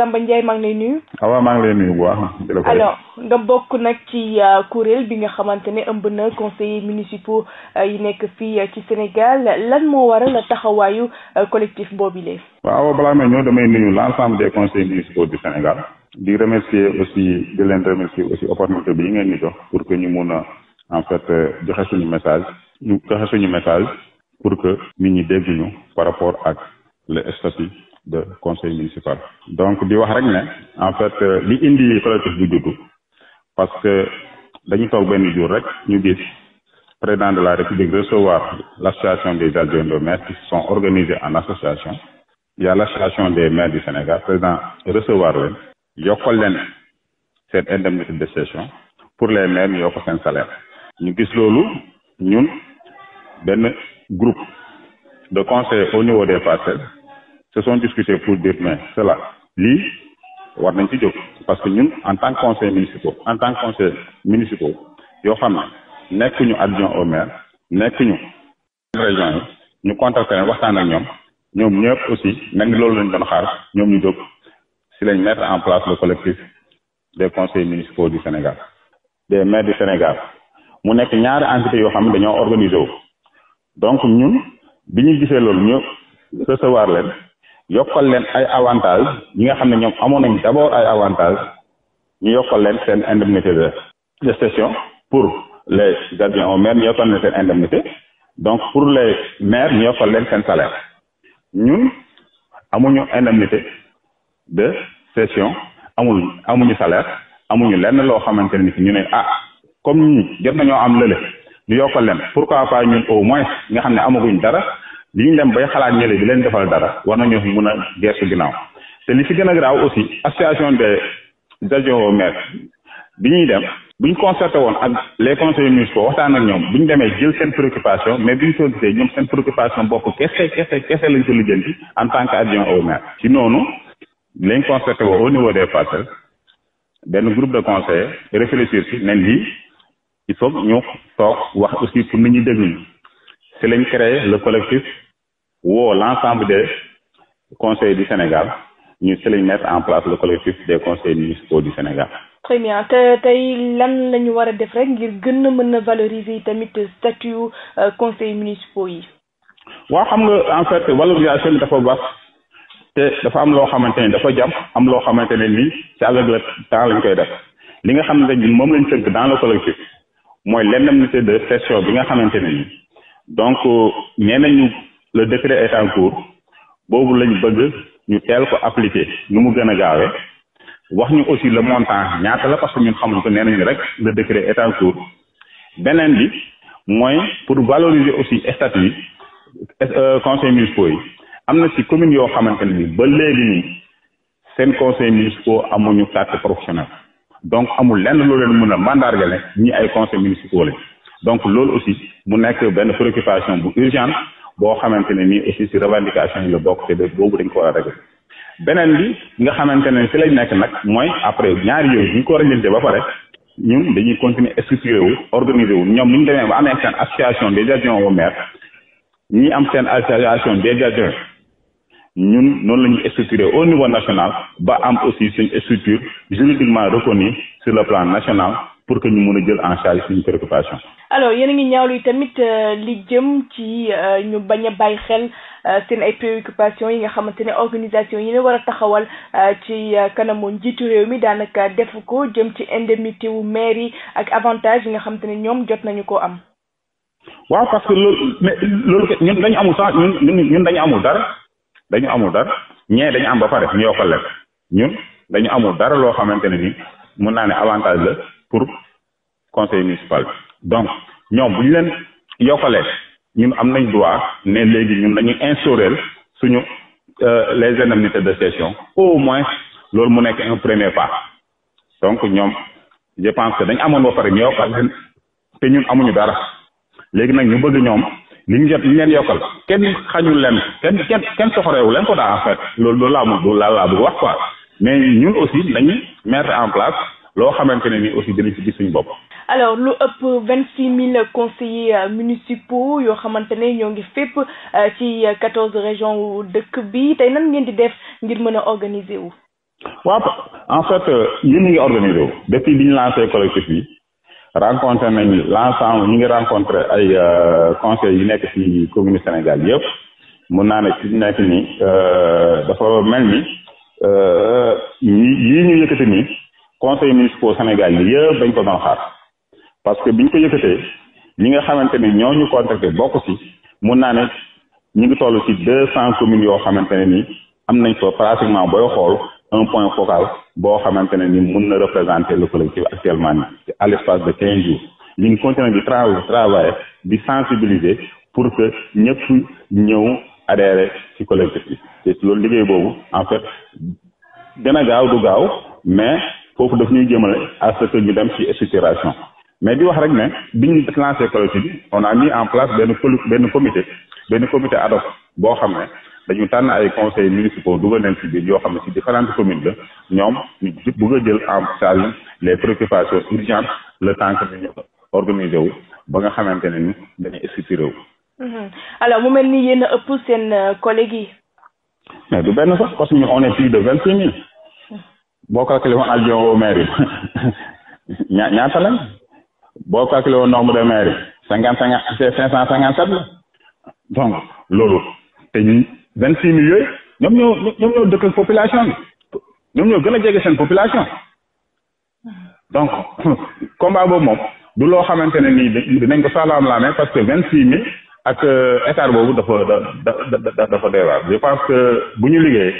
Samba Ndiaye maa ngi lay nuyu. waaw maa ngi lay nuyu bu baax. alors nga bokk nag ci euh, kuréel bi nga xamante ne ëmb na conseillers municipaux euh, yi nekk fii euh, ci Sénégal lan moo waral taxawaayu collectif boobile. waaw balaa may ñoo damay nuyu l'ensemble des conseillers municipaux du Sénégal. di remercier aussi di leen remercier aussi opportunité bi yi ngeen ñu jox pour que ñu mun a en fait joxe suñu message ñu joxe suñu message pour que nit ñi dégg ñu par rapport ak. le statut de conseil municipal donc di wax rek ne en fait euh, li indi collectif bu juddu parce que dañu toog benn jur rek ñu gis président de la république recevoir l'association des adjoints de maires qui se sont en association il y a l'association des maire du Sénégal président recevoir leen yokkal leen seen indemnité de session pour les maires ñu yokk seen salaire ñu gis loolu ñun benn groupe de conseil au niveau des parcelles se sont discutés pour dire mais cela lii war nañ ci jóg parce que ñun en tant que conseil municipal en tant que conseil municipal yoo xam ne nekkuñu adjoint au maire nekkuñu région yi ñu contacté leen waxtaan ak ñoom ñoom ñëpp aussi même loolu lañ doon xaar ñoom ñu jóg si lañ mettre en place le collectif des conseils municipaux di Sénégal des maires du Sénégal mu nekk ñaari entités yoo xam ne dañoo organisé wu donc ñun bi ñu gisee loolu ñu recevoir leen yokkal leen ay avantage ñi nga xam ne ñoom amoon nañ d'abord ay avantage ñu yokkal leen seen indemnité de session pour les adjoints au maire ñu yokkal leen seen donc pour les maires yokkal leen seen salaire ñun amuñu indemnité de session amul amuñu salaire amuñu lenn loo xamante ni ñu ne ah comme ñu jot nañoo am lële ñu yokkal leen pourquoi pas ñun au moins nga xam ne amaguñ dara li ñu dem bay xalaat ñële di leen defal dara war nañu mun a geesu ginnaaw te li ci gën a graaw aussi association de adjoints au maire bi ñuy dem buñ concerté woon ak les conseillers municipaux waxtaan ak ñoom buñ demee jël seen préoccupation mais bi soo gisee ñoom seen préoccupation bopp kese kese kese lañ ko lijjanti en tant que adjoint au maire ci noonu lañ concerté woo au niveau des parcelles benn groupe de conseillers réfléchir ci ne lii il faut ñu toog wax aussi pour nit ñi déglu ci lañ créé le collectif woo l'ensemble des conseils du Sénégal ñu te lañ mettre en place le collectif des conseils municipaux du Sénégal. très bien te tey lan la ñu war a def rek ngir gën na mën na valoriser tamit statut euh, conseils municipaux yi. waa xam nga en fait valorisation bi dafa baax te dafa am loo xamante ne dafa jàpp am loo xamante ne nii c'est avec le temps lañ koy def li nga xamante ne moom lañ tënk dans le collectif mooy l'indemnité de session bi nga xamante ne nii donc ñeneen euh, ñu. le décret est en cours boobu lañ bëgg ñu teel ko appliquer nu mu gën a gaawee wax ñu aussi le montant ñaata la parce que ñun xamuñ ko nee nañu rek le décret est en cours beneen bi mooy pour valoriser aussi statut yi euh, conseil municipaux yi am na ci commune yoo xamante ne bi ba léegi nii seen conseil municipaux amuñu carte professionnelle donc amul lenn loo leen mën a mandargale ñi ay conseil municipaux lañ donc loolu aussi mu nekk benn préoccupation boo xamante ne nii aussi si revendication yi la bokk te boobu dañ ko war a régler beneen bi nga xamante ne fi lañ nekk nag mooy après ñaari yooyu ñu ko réglé ba pare ñun dañuy continuer structuré wu organiser wu ñoom ni ñu demee ba amee seen association des adjoints au maire ñi am seen association des adjoints ñun noonu la ñuy au niveau national ba am aussi seen structure juridiquement reconnue sur le plan national pour que ñu mun a jël en charge suñu préoccupation alors yéen a ngi ñaawlu tamit euh, li jëm ci euh, ñu bañ a bàyyi xel euh, seen ay préoccupations yi nga xamante ne organisation yi ne war a taxawal ci kanamu njiitu réew mi daanaka def ko jëm ci indemnité wu maire yi ak avantage yi nga xamante ne ñoom jot nañu koo am waaw parce que loolu mais loolu ke ñun dañu amul sax ñun ñun dañu amul dara dañu amul dara ñee dañu am ba pare ñu yokkal leen ñun dañu amul dara loo xamante ne ni mun naa ne avantage la pour conseil municipal bi donc ñoom ñu leen yokkale ñun am nañ droit ne léegi ñun dañuy instaurer suñu euh, les indemnités de session au moins loolu mu nekk un premier pas donc ñoom je pense que amoon ba pare ñu yokkal leen te ñun amuñu dara léegi nag ñu bëgg ñoom li ñu jot li ñu leen yokkal kenn xañul leen kenn kenn kenn soxorewu leen ko daa en fait loolu loolu laa mu loolu laa laa bëgg wax quoi mais ñun aussi dañuy mettre en place loo xamante ne ni aussi dinañ ci gis suñu bopp. alors lu ëpp vingt six mille conseillers euh, municipaux yoo xamante ne ñoo ngi fépp euh, ci quatorze régions wu dëkk bi tey nan ngeen di def ngir mën a organiser wu. waaw en fait ñun euh, ñu ngi organiser wu depuis bi ñu lancé collectif bi rencontré nañ l'ensemble ñu ngi rencontré ay conseils yu nekk ci commune Sénégal yëpp mun naa ne ci nekk nii dafa mel ni ñi ñu yëkkati nii. conseil municipal Sénégal yi yëpp dañ ko doon xaar parce que biñ ko yëkkatee ñi nga xamante ni ñoo ñu contacté bokk ci mun naa ne ñu ngi toll ci deux cent communes yoo xamante ne ni am nañ fa pratiquement booy xool un point focal boo xamante ne ni mun na représenter le collectif actuellement ni à l'espace de quinze jours ñu ngi continuer di travailler di sensibiliser pour que ñëpp ñëw adhéré ci collectif yi te loolu liggéey boobu en fait gën gaaw du foofu daf ñuy jëmale à que ñu dem ci structuration mais di wax rek ne bi ñu lancé collectif bi on a mis en place benn benn comité benn comité ad hoc boo xam ne dañu tànn ay conseils municipaux dugal leen ci biir yoo xam ne ci différentes communes la ñoom ñu a jël en charge les préoccupations urgentes le temps que ñu organisé ba nga xamante ne ni dañuy structuré wu. Mhm. alors mu mel ni yéen a ëpp seen euh, collègues yi. mais du benn sax parce que on est plus de vingt six mille. boo calculé woon adjoint au maire ñaata la boo calculé woon nombre de maire yi cinquante cinquante cinq cent cinquante sept la donc loolu te ñun vingt six mille yooyu ñoom ñoo ñoom ñoo gën a jege seen population donc combat boobu moom du loo xamante ne nii dinañ ko salaam laamee parce que vingt six mille ak euh, écart boobu dafa da da dafa doy je pense que bu ñu liggéey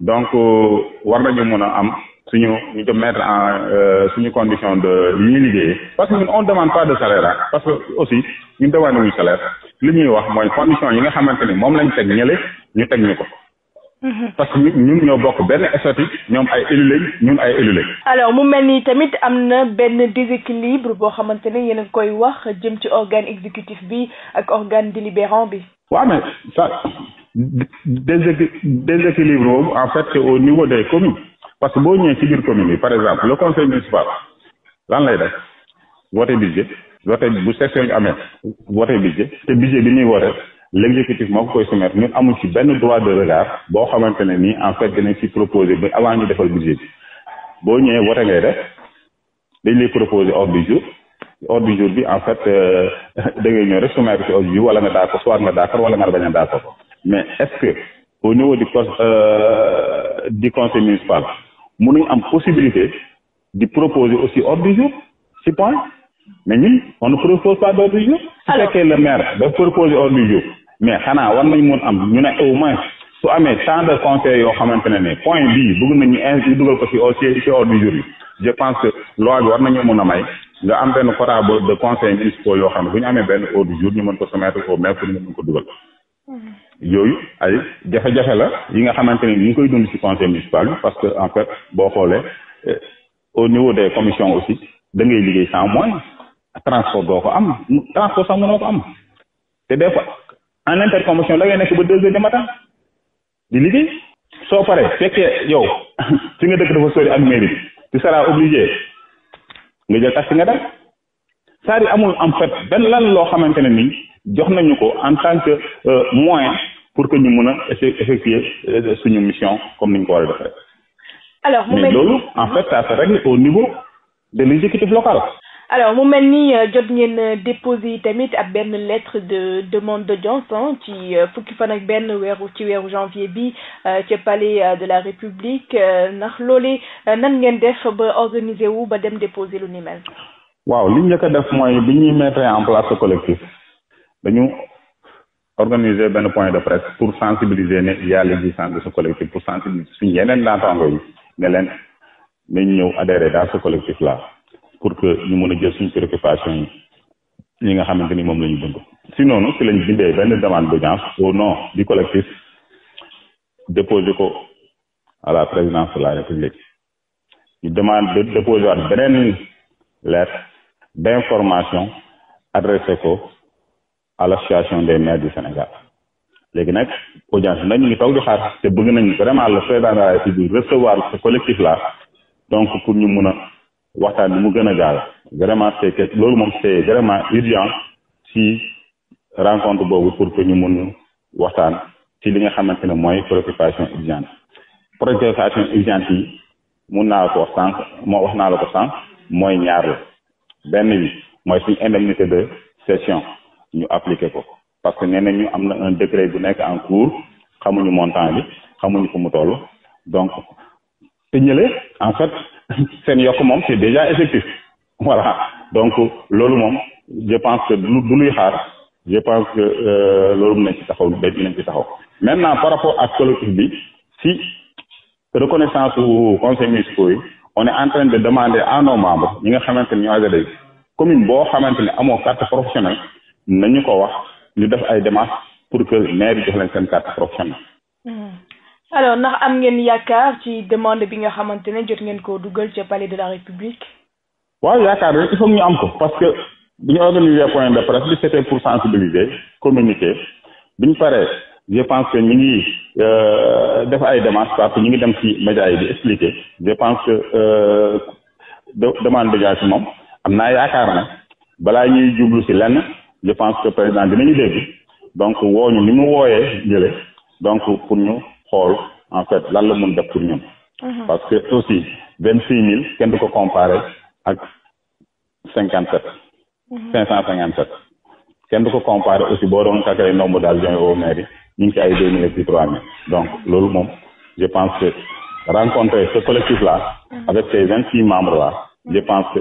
donc euh, war nañu mun a am suñu ñu ko mettre en euh, suñu condition de li ñuy liggéeyee parce que on demand pas de salaire ah parce que aussi ñu demande wuñu salaire li ñuy wax mooy condition yi nga xamante ni moom lañ teg ñële ñu teg ñu ko mm-hmm. parce que ñu ñoo bokk benn statut ñoom ay élu lañ ñun ay élu lañ alors mu mel ni tamit am na benn déséquilibre boo xamante ne yéen a koy wax jëm ci organe exécutif bi ak organe délibérant bi waaw mais ça déséquilibre boobu en fait c'est au niveau des communes parce que boo ñëwee ci biir commune bi par exemple le conseil municipal lan lay def voté budget voté bu section bi amee voté budget te budget bi ñuy voté l' exécutif moo ko koy soumettre ñun amuñ ci benn droit de regard boo xamante ne nii en fait dinañ ci proposé ba avant ñu defal budget bi boo ñëwee voté ngay def dañ lay proposé ordre du jour ordre jour bi en fait euh, da ngay ñëw rek soumettre ci ordre du jour wala nga d'accord soit nga d'accord wala nga bañ a mais est-ce que au niveau du euh, du conseil municipal mënuñ am possibilité di proposer aussi ordre jour si point mais ñun on ne propose pas d'ordre du jour. su fekkee le maire daf proposer ordre jour mais xanaa war nañ mun am ñu ne au moins su amee tant de conseil yoo xamante ne ne point bii bëgg nañu ñu dugal ko ci ci ordre jour yi je pense que loi bi war nañu mun a may nga am benn quota de conseil municipaux yoo xam ne bu ñu amee benn ordre du jour ñu mën ko soumettre au maire pour ñu mën ko dugal. Hmm. yooyu ay jafe-jafe la yi nga xamante ne ñu ngi koy dund ci conseil municipal bi parce que en fait boo xoolee eh, au niveau des commission aussi da ngay liggéey sans moyen transport doo ko am transport sax mënoo ko am te des fois en intercommission da ngay nekk ba deux heures du di liggéey soo paree fekkee yow fi nga dëkk dafa sori ak mairie bi tu seras obligé nga jël taxi nga dem saa yi amul en fait benn lan loo xamante ne nii jox nañu ko en tant que euh, moyen pour que ñu mën a effectuer euh, suñu mission comme ni ñu ko war a defee. alors mu mel ni loolu en fait ça se règle au niveau de l'exécutif local. alors mu mel ni euh, jot ngeen euh, déposé tamit ak benn lettre de demande d'audience ci fukki fan ak benn weeru ci weeru janvier bi ca palais de la république ndax loolee nan ngeen def ba organiser wu ba dem déposer lu ni mel. waaw li ñu njëkk a def mooy bi ñuy mettre en place collectif dañu. organiser benn point de presse pour sensibiliser ne il y a l'existence de ce collectif pour sensibiliser suñu yeneen naataango yi ne leen nañ ñëw adhérer dans ce collectif la pour que ñu mën a jël suñu préoccupation yi ñi nga xamante ni moom la ñu dund si noonu si lañ bindee benn demande d'audience au nom du collectif déposé ko à la présidence de la république ñu demande de waat beneen lettre d'information adressé ko à l'association des maires du Sénégal léegi nag audience bi nag ñu ngi toog di xaar te bëgg nañ vraiment le président de la République recevoir ce collectif là donc pour ñu mun a waxtaan bi mu gën a gaaw vraiment c'est loolu moom c'est vraiment urgent si rencontre boobu pour que ñu mun waxtaan ci li nga xamante ne mooy préoccupation urgente préoccupation urgente yi mun naa la ko wax sànq moo wax naa la ko sànq mooy ñaar la benn bi mooy suñu indemnité de session ñu appliqué ko parce que nee na ñu am na un décret bu nekk en cours xamuñu montant bi xamuñu fu mu toll donc te ñële en fait seen yokk moom c'est déjà effectif voilà donc loolu moom je pense que du du luy xaar je pense que euh, loolu mën nañ ci taxaw ba dinañ ci taxaw maintenant par rapport ak collectif bi si reconnaissance u conseil municipal yi on est en train de demander en nos membres ñi nga xamante ni ñoo agréé commune boo xamante ni amoo carte professionnelle nañu ko wax ñu def ay démarches pour que maire yi jox leen seen carte professionnelle. Hmm. alors ndax am ngeen yaakaar ci demande bi nga xamante ne jot ngeen ko dugal ca palais de la république. waaw yaakaar rek il faut ñu am ko parce que bi ñu organiser point de presse bi c'était pour sensibiliser communiquer bi ñu paree je pense que ñu ngi euh, def ay démarches parce que ñu ngi dem ci médias yi di expliquer je pense que euh, demande de gage moom am naa yaakaar na balaa ñuy jublu ci lenn. je pense que président dinañu dégg donc wooñu ni mu wooyee jële donc pour ñu xool en fait lan la mun def pour ñu mhm. parce que aussi vingt six mille kenn du ko comparé ak cinquante sept mhm. cinq cent cinquante sept kenn du ko comparé aussi boo doon calculer nombre d'adjoints au maire yi ñu ngi ci ay deux mille et trois mille donc loolu moom je pense que rencontrer ce collectif là mhm. avec ces vingt six membre la je pense que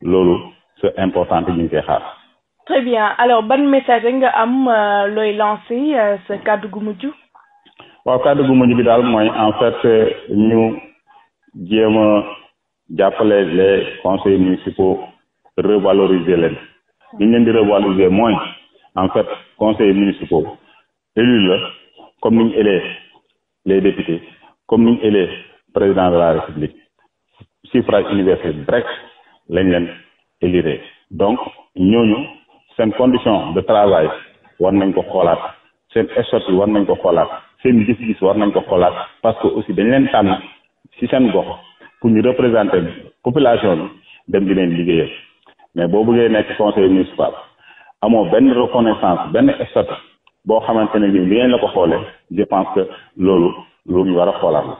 loolu c'est important ñu ngi koy très bien alors ban message nga am euh, looy lancé euh, sa kàddu gu mujj. waaw kàddu gu mujj bi daal mooy en fait ñu jéem a jàppale les conseils municipaux revaloriser leen li ñu leen di revaloriser mooy en fait conseils municipaux élu comme ni ñu élee les comme ni ñu président de la république suffrage universel direct lañ leen élire donc ñooñu. seen condition de travail war nañ ko xoolaat seen statut war nañ ko xoolaat seen gis-gis war nañ ko xoolaat parce que aussi dañ leen tànn si seen gox pour ñu représenter population bi dem di leen liggéeyal mais boo bëggee nekk conseil municipal amoo benn reconnaissance benn statut boo xamante ne ni li ngeen la ko xoolee je pense que loolu loolu ñu war a xoolaat la.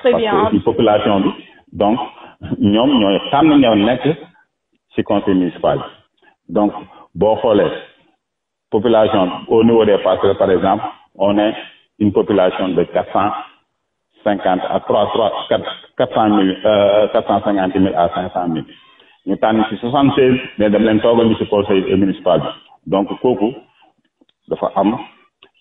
très parce que aussi population bi donc ñoom ñooy tànn ñoo nekk ci conseil municipal bi boo xoolee population au niveau des parcelles par exemple on est une population de quatre cent cinquante à trois trois quatre quatre cent mille euh, quatre cent cinquante mille à cinq cent ñu tànn ci soixante seize mais dem leen toogal ñu ci conseil municipal bi donc kooku dafa am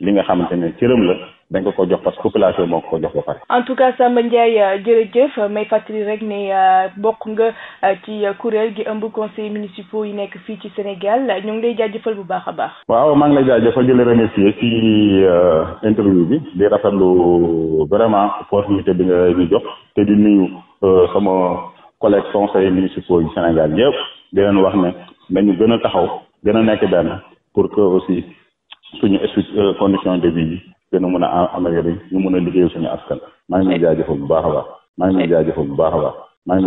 li nga xamante ne cëram la dañ ko ko jox parce que population moo ko ko jox ba pare. en tout cas Samba Ndiaye euh, jërëjëf may fàttali rek ne euh, bokk nga euh, ci kuréel gi ëmb conseil municipaux yi nekk fii ci Sénégal ñoo ngi lay jaajëfal bu baax a baax. waaw maa ngi lay jaajëfal di la remercier ci interview bi di rafet lu vraiment opportunité bi nga ñu jox te di nuyu sama collègue conseil municipaux yi Sénégal yëpp di leen wax ne nañu gën a taxaw gën a nekk benn pour que aussi suñu condition de vie gën a mën a améliorer ñu mën a liggéeyal suñu askan maa ngi leen jaajëfal bu baax a baax maa ngi leen bu baax a baax maa